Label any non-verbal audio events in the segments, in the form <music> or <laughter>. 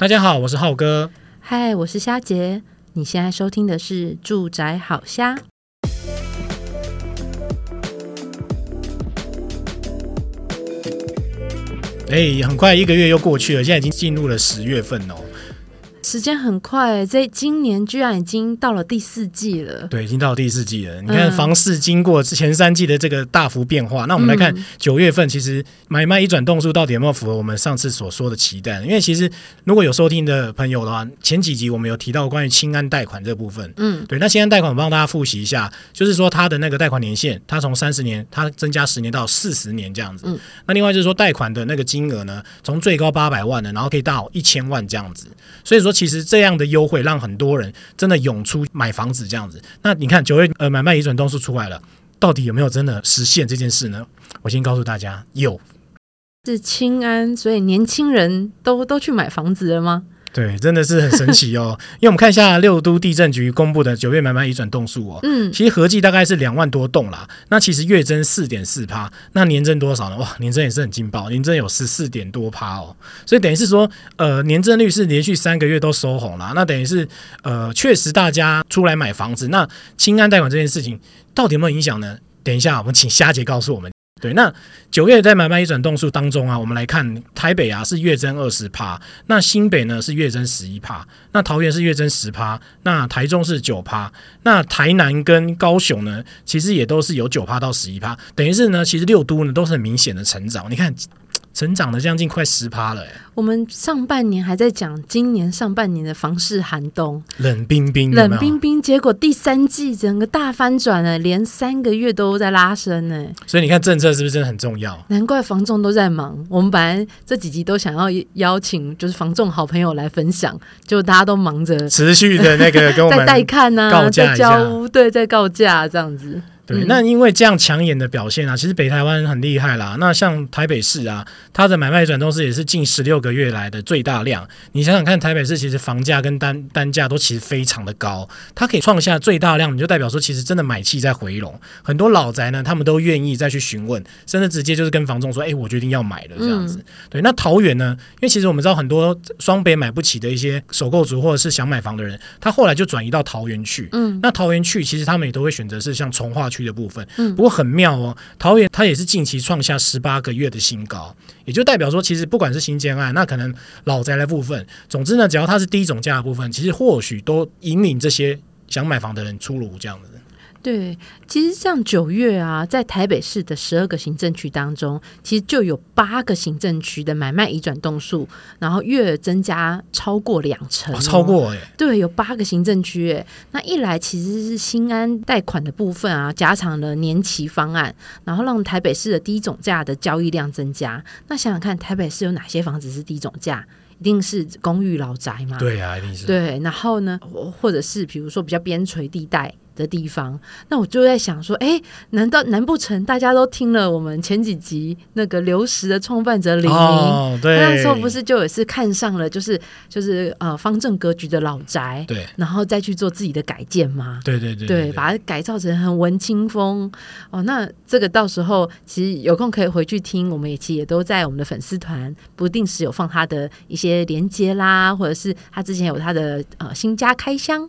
大家好，我是浩哥。嗨，我是蝦杰。你現在收聽的是《住宅好瞎》欸。哎，很快一個月又過去了，現在已經進入了十月份哦。時間很快，在今年居然已經到了第四季了。對，已經到第四季了。你看房市經過前三季的這個大幅變化，嗯、那我們來看九月份，其實買賣移轉棟數到底有沒有符合我們上次所說的期待？因為其實如果有收聽的朋友的話，前幾集我們有提到關於青安貸款這部分。嗯，對。那青安貸款我幫大家複習一下，就是說它的那個貸款年限，它從三十年，它增加十年到四十年這樣子。嗯。那另外就是說貸款的那個金額呢，從最高八百萬的，然後可以到一千萬這樣子。所以說。其實這樣的優惠讓很多人真的湧出買房子這樣子。那你看九月呃，買賣移轉棟數出來了，到底有沒有真的實現這件事呢？我先告訴大家，有。是青安，所以年輕人都都去買房子了嗎？對，真的是很神奇哦， <laughs> 因為我們看一下六都地政局公布的九月買賣移轉棟數哦，嗯，其實合計大概是兩萬多棟啦。那其實月增四點四趴，那年增多少呢？哇，年增也是很勁爆，年增有十四點多趴哦。所以等於是說，呃，年增率是連續三個月都收紅了。那等於是，呃，確實大家出來買房子，那青安貸款這件事情到底有沒有影響呢？等一下我們請夏杰告訴我們。對，那九月在買賣移轉棟數當中啊，我們來看台北啊是月增二十趴那新北呢是月增十一趴那桃園是月增十趴；那台中是九趴；那台南跟高雄呢其實也都是有九趴到十一趴。等於是呢其實六都呢都是很明顯的成長，你看。成長的將近快十趴了、欸，我們上半年還在講今年上半年的房市寒冬，冷冰冰，有沒有冷冰冰。結果第三季整個大翻轉了，連三個月都在拉升呢、欸。所以你看政策是不是真的很重要？難怪房仲都在忙。我們本來這幾集都想要邀請就是房仲好朋友來分享，就大家都忙着持續的那個跟我們 <laughs> 帶看啊，在交屋對，在告價這樣子。對，那因為這樣搶眼的表現啊，其實北台灣很厲害啦。那像台北市啊，它的買賣轉棟數也是近十六個月來的最大量。你想想看，台北市其實房價跟單單價都其實非常的高，它可以創下最大量，你就代表說其實真的買氣在回籠。很多老宅呢，他們都願意再去詢問，甚至直接就是跟房仲說：“哎、欸，我決定要買了。”這樣子、嗯。對，那桃園呢？因為其實我們知道很多雙北買不起的一些首購族，或者是想買房的人，他後來就轉移到桃園去。嗯，那桃園去，其實他們也都會選擇是像從化去。的部分，不過很妙哦，桃園它也是近期創下十八個月的新高，也就代表說，其實不管是新建案，那可能老宅的部分，總之呢，只要它是低總價的部分，其實或許都引領這些想買房的人出爐這樣子。對，其實像九月啊，在台北市的十二個行政區當中，其實就有八個行政區的買賣移轉棟數，然後月增加超過兩成、哦哦，超過耶、欸！對，有八個行政區，那一來其實是新青安貸款的部分啊，加長了年期方案，然後讓台北市的低總價的交易量增加。那想想看，台北市有哪些房子是低總價？一定是公寓、老宅嘛？對啊，一定是。對，然後呢，或者是比如說比較邊陲地帶。的地方，那我就在想說，哎、欸，難道難不成大家都聽了我們前幾集那個流石的創辦者李明？哦、對，那時候不是就也是看上了、就是，就是就是呃方正格局的老宅，對，然後再去做自己的改建嗎？對對對，對，對，對，把它改造成很文青風哦。那這個到時候其實有空可以回去聽，我們也其實也都在我們的粉絲團不定時有放他的一些連結啦，或者是他之前有他的呃新家開箱。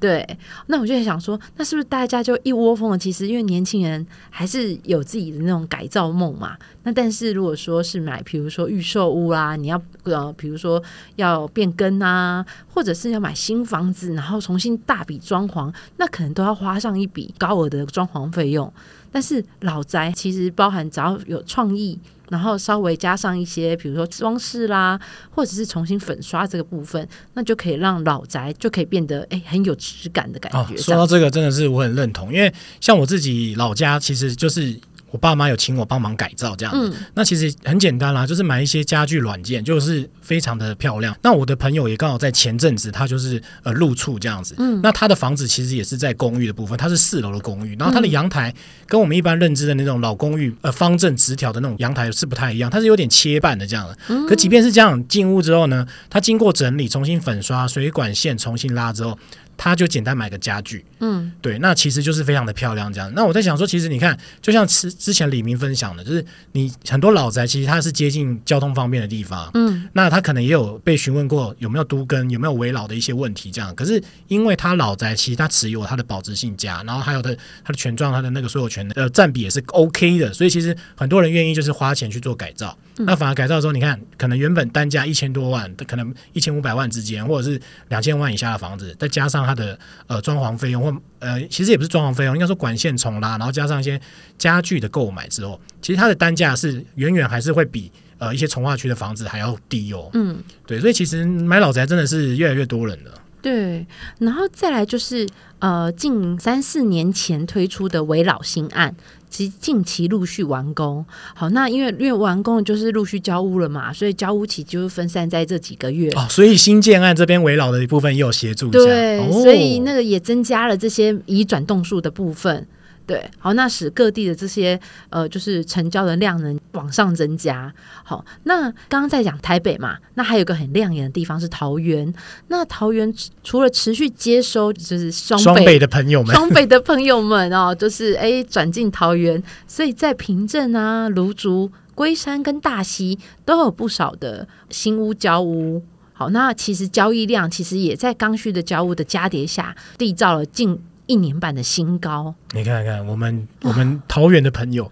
對，那我就在想說，那是不是大家就一窩蜂的？其實，因為年輕人還是有自己的那種改造夢嘛。那但是如果說是買，比如說預售屋啦、啊，你要呃，比如說要變更啊，或者是要買新房子，然後重新大筆裝潢，那可能都要花上一筆高額的裝潢費用。但是老宅其實包含只要有創意，然後稍微加上一些，比如說裝飾啦，或者是重新粉刷這個部分，那就可以讓老宅就可以變得哎、欸、很有質感的感覺、啊。說到這個，真的是我很認同，因為像我自己老家其實就是。我爸媽有請我幫忙改造這樣子，嗯、那其實很簡單啦、啊，就是買一些家具軟件，就是非常的漂亮。那我的朋友也剛好在前陣子，他就是呃入厝這樣子、嗯，那他的房子其實也是在公寓的部分，他是四樓的公寓，然後他的陽台跟我們一般認知的那種老公寓呃方正直條的那種陽台是不太一樣，它是有點切半的這樣的，可即便是這樣，進屋之後呢，他經過整理，重新粉刷，水管線重新拉之後，他就簡單買個家具，嗯，對，那其實就是非常的漂亮這樣。那我在想說，其實你看，就像之之前李明分享的，就是你很多老宅其實它是接近交通方便的地方，嗯，那他可能也有被詢問過有沒有都更，有沒有危老的一些問題這樣。可是因為他老宅其實他持有他的保值性佳，然後還有他的他的權狀他的那個所有權的占比也是 OK 的，所以其實很多人願意就是花錢去做改造。那反而改造的時候，你看，可能原本單價一千多萬，可能一千五百萬之間，或者是兩千萬以下的房子，再加上它的呃裝潢費用或呃，其實也不是裝潢費用，應該說管線重拉，然後加上一些家具的購買之後，其實它的單價是遠遠還是會比呃一些重劃區的房子還要低哦。嗯，對，所以其實買老宅真的是越來越多人了。對，然後再來就是呃，近三四年前推出的危老新案，即近期陸續完工。好，那因為因為完工就是陸續交屋了嘛，所以交屋期就是分散在這幾個月。哦，所以新建案這邊危老的一部分也有協助一下，對哦、所以那個也增加了這些移轉棟數的部分。對，好，那使各地的這些呃，就是成交的量能往上增加。好，那剛剛在講台北嘛，那還有個很亮眼的地方是桃園。那桃園除了持續接收，就是雙北雙倍的朋友們， <laughs> 雙北的朋友們哦，就是哎轉進桃園，所以在平鎮啊、蘆竹、龜山跟大溪都有不少的新屋交屋。好，那其實交易量其實也在剛需的交屋的加疊下，締造了近。一年半的新高，你看看我們我們桃園的朋友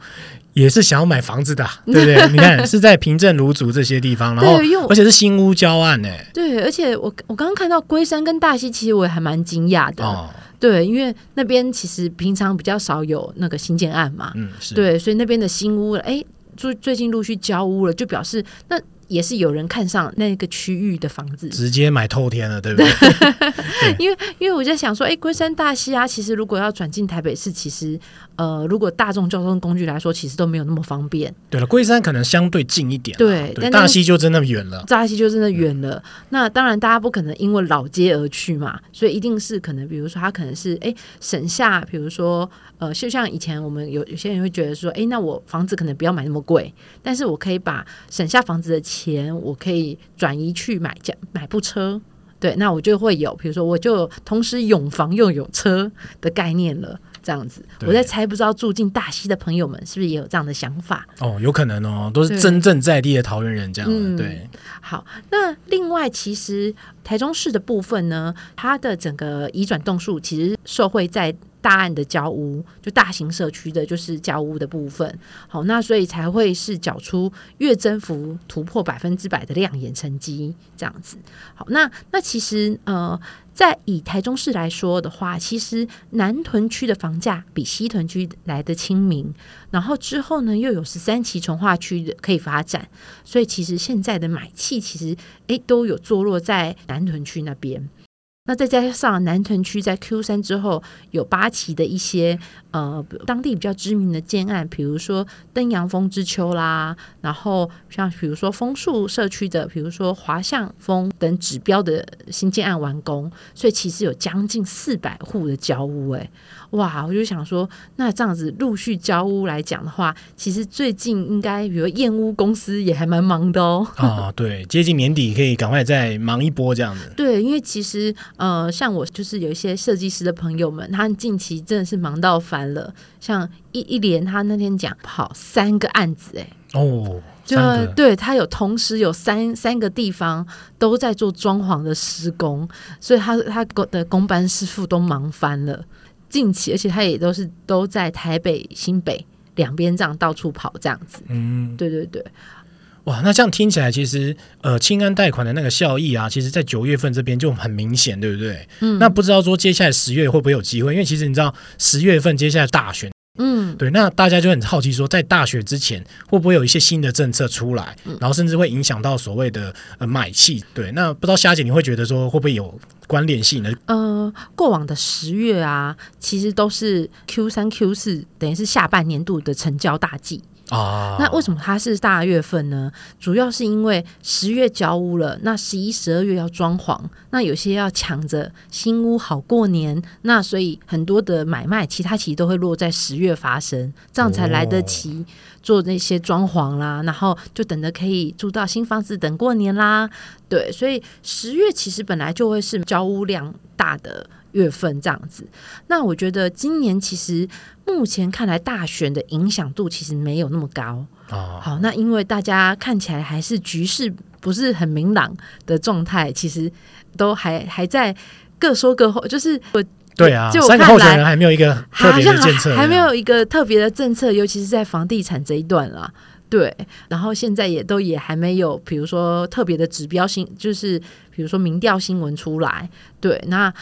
也是想要買房子的、啊， <laughs> 對不對？你看是在平鎮、蘆竹這些地方，然後而且是新屋交案呢、欸。對，而且我我剛剛看到龜山跟大溪，其實我也還蠻驚訝的、哦。對，因為那邊其實平常比較少有那個新建案嘛，嗯，是。對，所以那邊的新屋，哎，最近陸續交屋了，就表示那。也是有人看上那個區域的房子，直接買透天了，對不對？ <laughs> 對 <laughs> 因，因為因為我在想說，哎、欸，龜山大溪啊，其實如果要轉進台北市，其實。呃，如果大眾交通工具來說，其實都沒有那麼方便。對了，龜山可能相對近一點、嗯，對，但，但大溪就真的遠了。大溪就真的遠了。那當然，大家不可能因為老街而去嘛，所以一定是可能，比如說，他可能是哎、欸，省下，比如說，呃，就像以前我們有有些人會覺得說，哎、欸，那我房子可能不要買那麼貴，但是我可以把省下房子的錢，我可以轉移去買家買部車，對，那我就會有，比如說，我就同時有房又有車的概念了。這樣子，我在猜，不知道住進大溪的朋友們是不是也有這樣的想法？哦，有可能哦，都是真正在地的桃園人這樣。對、嗯，好，那另外其實台中市的部分呢，它的整個移轉棟數其實受惠在。大案的交屋，就大型社區的，就是交屋的部分。好，那所以才會是繳出月增幅突破百分之百的亮眼成績，這樣子。好，那那其實呃，在以台中市來說的話，其實南屯區的房價比西屯區來得親民。然後之後呢，又有十三期重劃區的可以發展，所以其實現在的買氣其實誒、欸、都有坐落在南屯區那邊。那再加上南屯區在 Q3 之後有八旗的一些呃當地比較知名的建案，比如說登陽峰之秋啦，然後像比如說楓樹社區的，比如說華向峰等指標的新建案完工，所以其實有將近四百戶的交屋哎、欸，哇！我就想說，那這樣子陸續交屋來講的話，其實最近應該比如驗屋公司，也還蠻忙的哦、喔。啊，對， <laughs> 接近年底可以趕快再忙一波這樣子。對，因為其實。呃，像我就是有一些設計師的朋友們，他近期真的是忙到煩了。像一一連，他那天講跑三個案子哎、欸，哦，就、啊、對，他有同時有三三個地方都在做裝潢的施工，所以他他的工班師傅都忙翻了。近期，而且他也都是都在台北、新北兩邊這樣到處跑這樣子。嗯，對對對。哇，那這樣聽起來，其實呃，青安貸款的那個效益啊，其實在九月份這邊就很明顯，對不對？嗯，那不知道說接下來十月會不會有機會？因為其實你知道，十月份接下來大選，嗯，對，那大家就很好奇說，在大選之前會不會有一些新的政策出來，嗯、然後甚至會影響到所謂的、呃、買氣？對，那不知道蝦姐你會覺得說會不會有關聯性呢？呃，過往的十月啊，其實都是 Q 三 Q 四，等於是下半年度的成交大季。啊，那為什麼它是大月份呢？主要是因為十月交屋了，那十一、十二月要裝潢，那有些要搶着新屋好過年，那所以很多的買賣，其他其實都會落在十月發生，這樣才來得及做那些裝潢啦，哦、然後就等着可以住到新房子等過年啦。對，所以十月其實本來就會是交屋量大的月份這樣子，那我覺得今年其實目前看來大選的影響度其實沒有那麼高哦，好，那因為大家看起來還是局勢不是很明朗的狀態，其實都還還在各說各話，就是我對啊，就我三個候選人還沒有一個特別的政策，啊、還沒有一個特別的政策，尤其是在房地產這一段啦。對，然後現在也都也還沒有，比如說特別的指標性，就是比如說民調新聞出來。對，那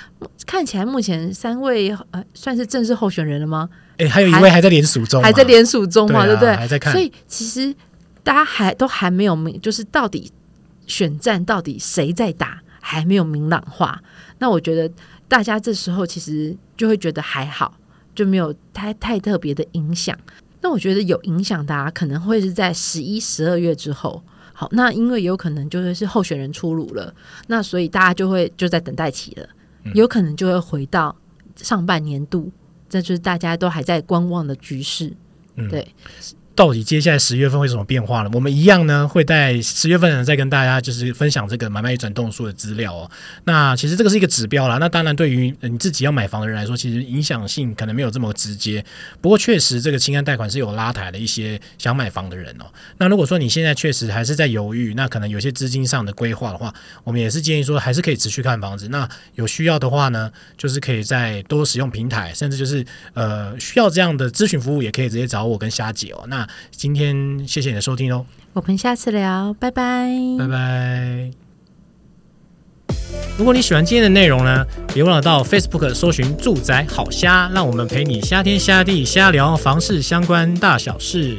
看起來目前三位呃算是正式候選人了嗎？哎、欸，還有一位還在聯署中還，還在聯署中嘛，對不、啊、對，對，對。還在看。所以其實大家都還都還沒有明，就是到底選戰到底誰在打，還沒有明朗化。那我覺得大家這時候其實就會覺得還好，就沒有太太特別的影響。那我覺得有影響，大家可能會是在十一、十二月之後。好，那因為有可能就是是候選人出爐了，那所以大家就會就在等待期了、嗯，有可能就會回到上半年度，這就是大家都還在觀望的局勢、嗯。對。到底接下來十月份會有什麼變化了？我們一樣呢，會在十月份呢，再跟大家就是分享這個買賣移轉棟數的資料哦。那其實這個是一個指標啦，那當然，對於你自己要買房的人來說，其實影響性可能沒有這麼直接。不過，確實這個青安貸款是有拉抬的一些想買房的人哦。那如果說你現在確實還是在猶豫，那可能有些資金上的規劃的話，我們也是建議說還是可以持續看房子。那有需要的話呢，就是可以再多使用平台，甚至就是呃需要這樣的諮詢服務，也可以直接找我跟蝦姐哦。那今天謝謝你的收聽哦，我們下次聊，拜拜，拜拜。如果你喜歡今天的內容呢，別忘了到 Facebook 搜尋“住宅好瞎”，讓我們陪你瞎天瞎地瞎聊房事相關大小事。